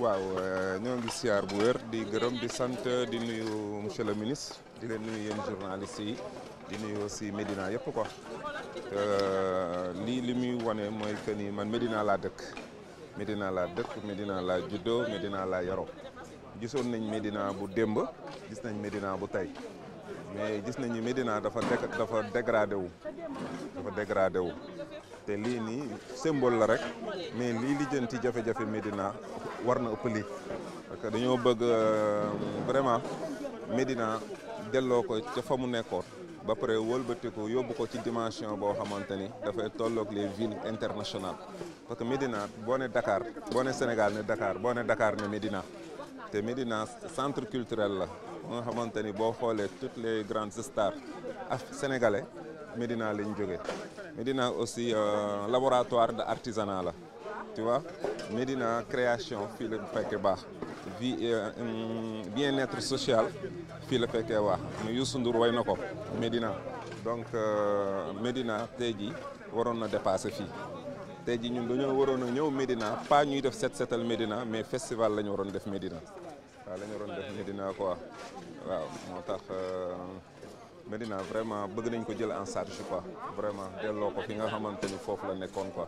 waaw euh, ñoo ngi siyaar bu wér di gërëm di sant di nuyu monsieur le ministre di leen nuyu yéen journaliste yi di nuyu aussi Médina yëpp quoi euh, lii li muy wane mooy que ni man Médina laa dëkk Médina laa dëkk Médina laa juddoo Médina laa yaroo gisoon nañ Médina bu démb gis nañ Médina bu tey mais gis nañu Médina dafa dafa dégradé wu dafa dégradé te lii nii symbole la rek mais lii lijjanti jafe-jafe Médina war na ëpp lii parce que dañoo bëgg euh, vraiment Médina delloo ko ca fa mu nekkoon ba pare wëlbatiku yóbbu ko ci dimension boo xamante ni dafay tolloog les villes internationales parce que Médina boo ne Dakar boo ne Sénégal ne dakaar boo ne dakaar ne Médina te Médina centre culturel la nga xamante ni boo xoolee toutes les grandes stars af sénégalais Médina lañ jógee Médina aussi euh, laboratoire de artisanat la tu Medina création Philippe la euh, hum, bien-être social Philippe la Nous baax mu Youssou Ndour way Medina. donc euh, Medina Teddy, nous waroon na dépasser Teddy nous jii ñun dañoo nous a ñëw pas ñuy def set setal Medina, mais festival nous ñu waroon def Nous waaw la Medina waroon def Médina quoi waaw Medina vraiment bëgg nañ ko jël en charge quoi vraiment delloo ko fi nga xamante ni foofu la nekkoon quoi.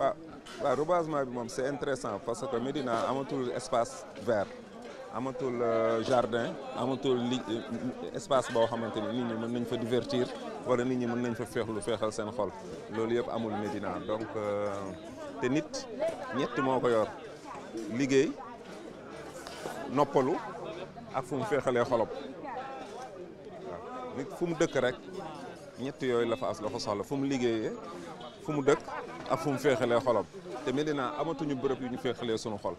waaw waaw reboisement bi moom c'est intéressant parce que Medina amatul espace vert amatul euh, jardin amatul euh, espace boo xamante ni nit ñi mën nañ fa divertir wala nit ñi mën nañ fa feexlu feexal seen xol loolu yëpp amul Medina donc euh, te nit ñett moo ko yor liggéey. noppalu ak fu mu féexalee xolop waaw nit fu mu dëkk rek ñett yooyu la fa as la fa soxla fu mu liggéeyee fu mu dëkk ak fu mu féexalee xolam te Médina amatuñu bërëb yu ñu féexalee sunu xol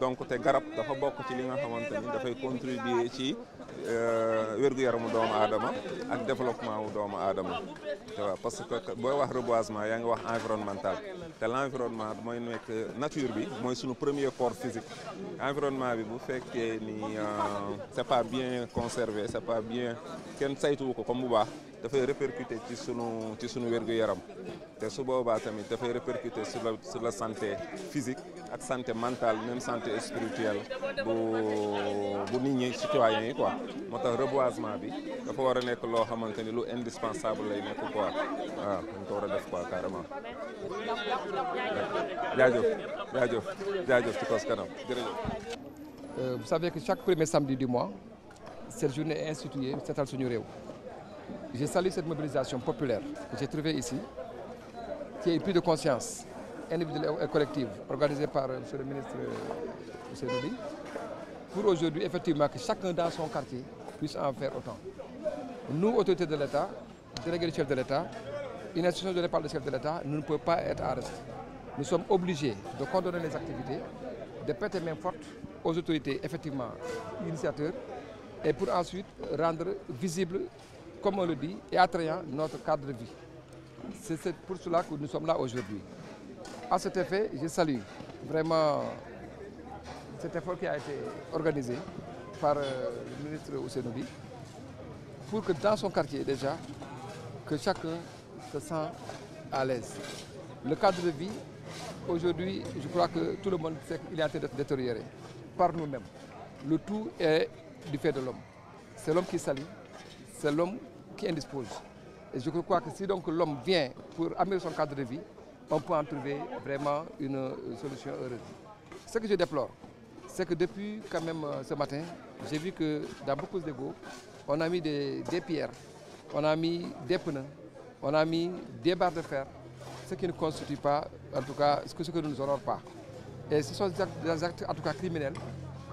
donc te garab dafa bokk ci li nga xamante ni dafay contribuer ci euh, wér-gu-yaramu doomu aadama ak développement wu doomu aadama te waaw parce que booy wax reboisement yaa ngi wax environnemental te l' environnement mooy nature bi mooy suñu premier corps physique environnement bi bu fekkee ni euh, c' pas bien conservé c' pas bien kenn saytuwu ko comme bu baax dafay répercuter ci sunu ci sunu wergu yaram té su boba tamit dafay répercuter sur la sur la santé physique ak santé mentale même santé spirituelle bu bu nit ñi citoyens yi quoi motax reboisement bi dafa war a nekk loo xamante lu indispensable lay nekk quoi waaw dañ ko wara def quoi carrément jaajëf jaajëf jaajëf ci Koss Kanam jërëjëf euh, Vous savez que chaque premier samedi du mois cette journée est instituée seetal suñu réew j'ai salué cette mobilisation populaire que j'ai trouvée ici, qui est une prise de conscience individuelle et collective organisée par euh, M. le ministre euh, M. Louis, pour aujourd'hui, effectivement, que chacun dans son quartier puisse en faire autant. Nous, autorités de l'État, délégués du chef de l'État, une institution de par le chef de l'État, nous ne pouvons pas être à Nous sommes obligés de condamner les activités, de les main forte aux autorités, effectivement, initiateurs, et pour ensuite rendre visible comme on le dit, et attrayant notre cadre de vie. C'est pour cela que nous sommes là aujourd'hui. À cet effet, je salue vraiment cet effort qui a été organisé par euh, le ministre Oussenobi pour que dans son quartier déjà, que chacun se sent à l'aise. Le cadre de vie, aujourd'hui, je crois que tout le monde sait qu'il est en détérioré par nous-mêmes. Le tout est du fait de l'homme. C'est l'homme qui salue, c'est l'homme qui Et je crois que si donc l'homme vient pour améliorer son cadre de vie, on peut en trouver vraiment une euh, solution heureuse. Ce que je déplore, c'est que depuis quand même euh, ce matin, j'ai vu que dans beaucoup d'égouts on a mis des, pierres, on a mis des pneus, on a mis des barres de fer, ce qui ne constitue pas, en tout cas, ce que, ce que nous honore pas. Et ce sont des actes, en tout cas criminels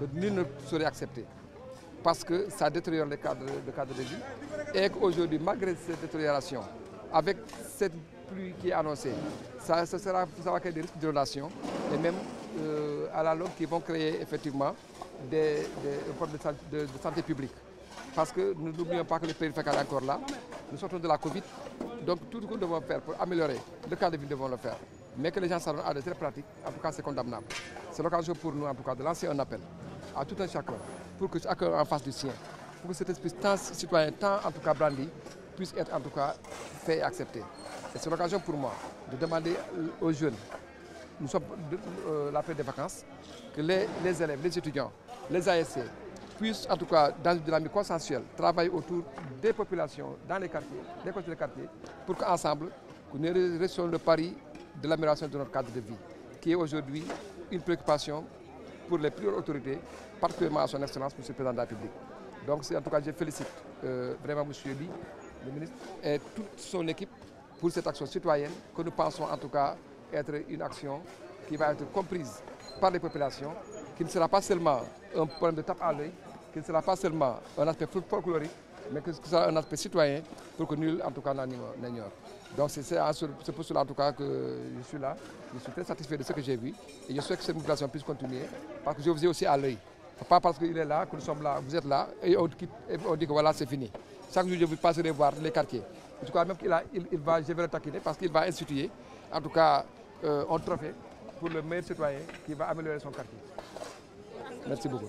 que nous ne saurait accepter parce que ça détériore le cadre, cadre de vie. Et qu'aujourd'hui, malgré cette détérioration, avec cette pluie qui est annoncée, ça, sera, va créer des risques de et même euh, à la longue qui vont créer effectivement des, problèmes de, santé publique. Parce que nous n'oublions pas que le périphérique est encore là. Nous sortons de la Covid. Donc tout ce que nous devons faire pour améliorer le cadre de vie, nous devons le faire. Mais que les gens savent à de très pratiques, en tout cas c'est condamnable. C'est l'occasion pour nous en tout cas de lancer un appel à tout un chacun pour que chacun en fasse du sien, pour que cet esprit tant citoyen, tant en tout cas brandi, puisse être en tout cas fait et accepté. Et c'est l'occasion pour moi de demander aux jeunes, nous sommes euh, la fête des vacances, que les, élèves, les étudiants, les ASC puissent en tout cas dans une dynamique consensuelle travailler autour des populations, dans les quartiers, des côtés des quartiers, pour qu'ensemble, nous réussissions le pari de l'amélioration de notre cadre de vie, qui est aujourd'hui une préoccupation pour les plus autorités, particulièrement à son Excellence, M. le Président de la République. Donc, en tout cas, je félicite euh, vraiment M. le ministre, et toute son équipe pour cette action citoyenne que nous pensons en tout cas être une action qui va être comprise par les populations, qui ne sera pas seulement un problème de tape à l'œil, qui ne sera pas seulement un aspect folklorique, mais que ce soit un aspect citoyen pour que nul, en tout cas, n'ignore. Donc c'est pour cela en tout cas que je suis là. Je suis très satisfait de ce que j'ai vu et je souhaite que cette mobilisation puisse continuer parce que je vous ai aussi à l'œil. Pas parce qu'il est là que nous sommes là, vous êtes là et on, dit que voilà c'est fini. Chaque jour je vous passerai voir les quartiers. En tout cas même qu'il va, je vais le taquiner parce qu'il va instituer en tout cas euh, un trophée pour le meilleur citoyen qui va améliorer son quartier. Merci beaucoup.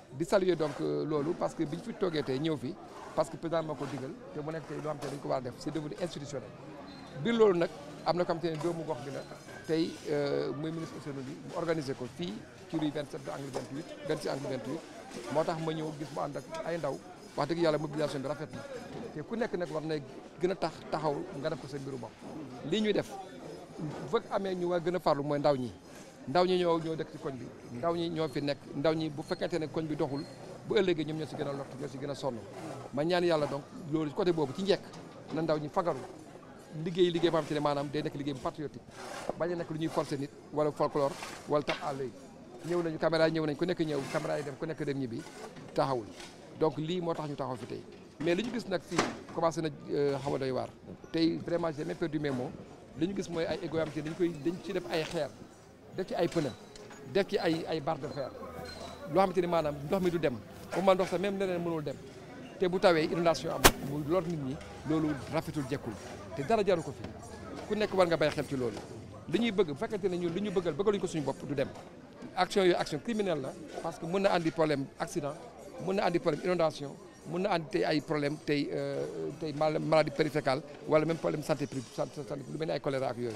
di saluer donc euh, lolu parce que biñ fi togué té ñëw fi parce que président mako diggal té te mu nekk tey loo xam te dañ ko war def c'est devenu institutionnel bi lolu nak amna na ko xam te doomu gox bi la euh muy ministre Ousseynou bi mu organiser ko fi ci rue 27 de angle 28 26 angle 28 motax ma ñëw gis mu ànd ak ay ndaw wax deug yalla mobilisation bi rafet na té ku nek nak war na gëna tax taxaw nga def ko sa mbiru bok li ñuy def bu amé ñu war gëna farlu moy ndaw ñi ndaw ñi ñoo ñoo dëkk ci koñ bi ndaw ñi ñoo fi nekk ndaw ñi bu fekkente ne koñ bi doxul bu ëllëgee ñoom ñoo si gën a lott ñoo si gën a sonn ma ñaan yàlla donc loolu côté boobu ci njekk na ndaw ñi fagaru liggéey liggéey boo xam te ne maanaam de nekk liggéey bu patriotique bañ a nekk lu ñuy forcer nit wala folklore wala tap àll yi ñëw nañu caméra ñëw nañ ko nekk ñëw caméra yi dem ko nekk dem ñibbi taxawul donc lii moo tax ñu taxaw fi tey mais li ñu gis nag fii commencé na euh, xaw a doy waar tey vraiment j'ai même perdu mes mots li ñu gis mooy ay égo dañ koy dañ ci def ay xeer def ci ay pneu def ci ay ay barre de fer loo xamante ni maanaam ndox mi du dem bu ma ndox sa même neneen mënul dem te bu tawee inondation am muy lor nit ñi loolu rafetul jekkul te dara jaru ko fi ku nekk war nga bàyyi xel ci loolu li ñuy bëgg bu fekkente ne ñun li ñu bëggal bëggaluñu ko suñu bopp du dem action yooyu action criminelle la parce que mën na andi problème accident mën na andi problème inondation mën na andi tey ay problème tey euh, tey maladie périphéricale wala même problème santé publique santé lu mel ni ay choléra ak yooyu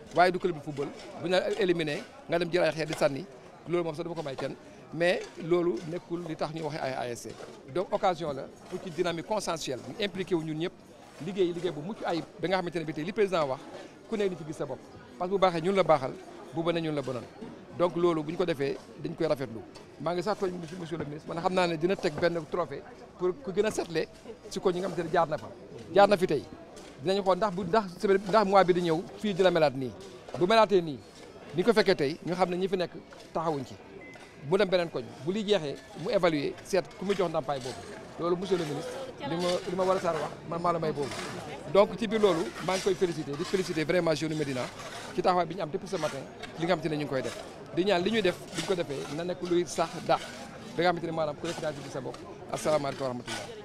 waaye du club de football bu ñu éliminé nga dem jël ay xeer di sànni loolu moom sax dama ko may kenn mais loolu nekkul li tax ñu waxee ay ASC donc occasion la pour ci dynamique consensuelle ñu impliqué wu ñun ñëpp liggéey liggéey bu mucc ayib ba nga xamante ne bi tey li président wax ku nekk di ci gis sa bopp parce que bu baaxee ñun la baaxal bu ba ñun la bonal donc loolu bu ñu ko defee dañ koy rafetlu maa ngi sax tooñ monsieur le ministre man xam naa ne dina teg benn trophée pour ku gën a setle si ko ñi nga xamante ne jaar na fa jaar na fi tey dinañ xool ndax bu ndax ndax mois bi di ñëw fii dina melaat nii bu melaatee nii ni ko fekkee tey ñu xam ne ñi fi nekk taxawuñ ci bu dem beneen koñ bu li jeexee mu évaluer seet ku mu jox ndàmpaay boobu loolu monsieur le ministre li ma ma war a saar wax man maa may boobu donc ci biir loolu maa ngi koy féliciter di féliciter vraiment jeune Médina ci taxawaay bi ñu am depuis ce matin li nga xamante ne ñu ngi koy def di ñaan li ñuy def bu ñu ko defee na nekk luy sax dàq da nga xamante ne sa bopp asalaamaaleykum wa rahmatullah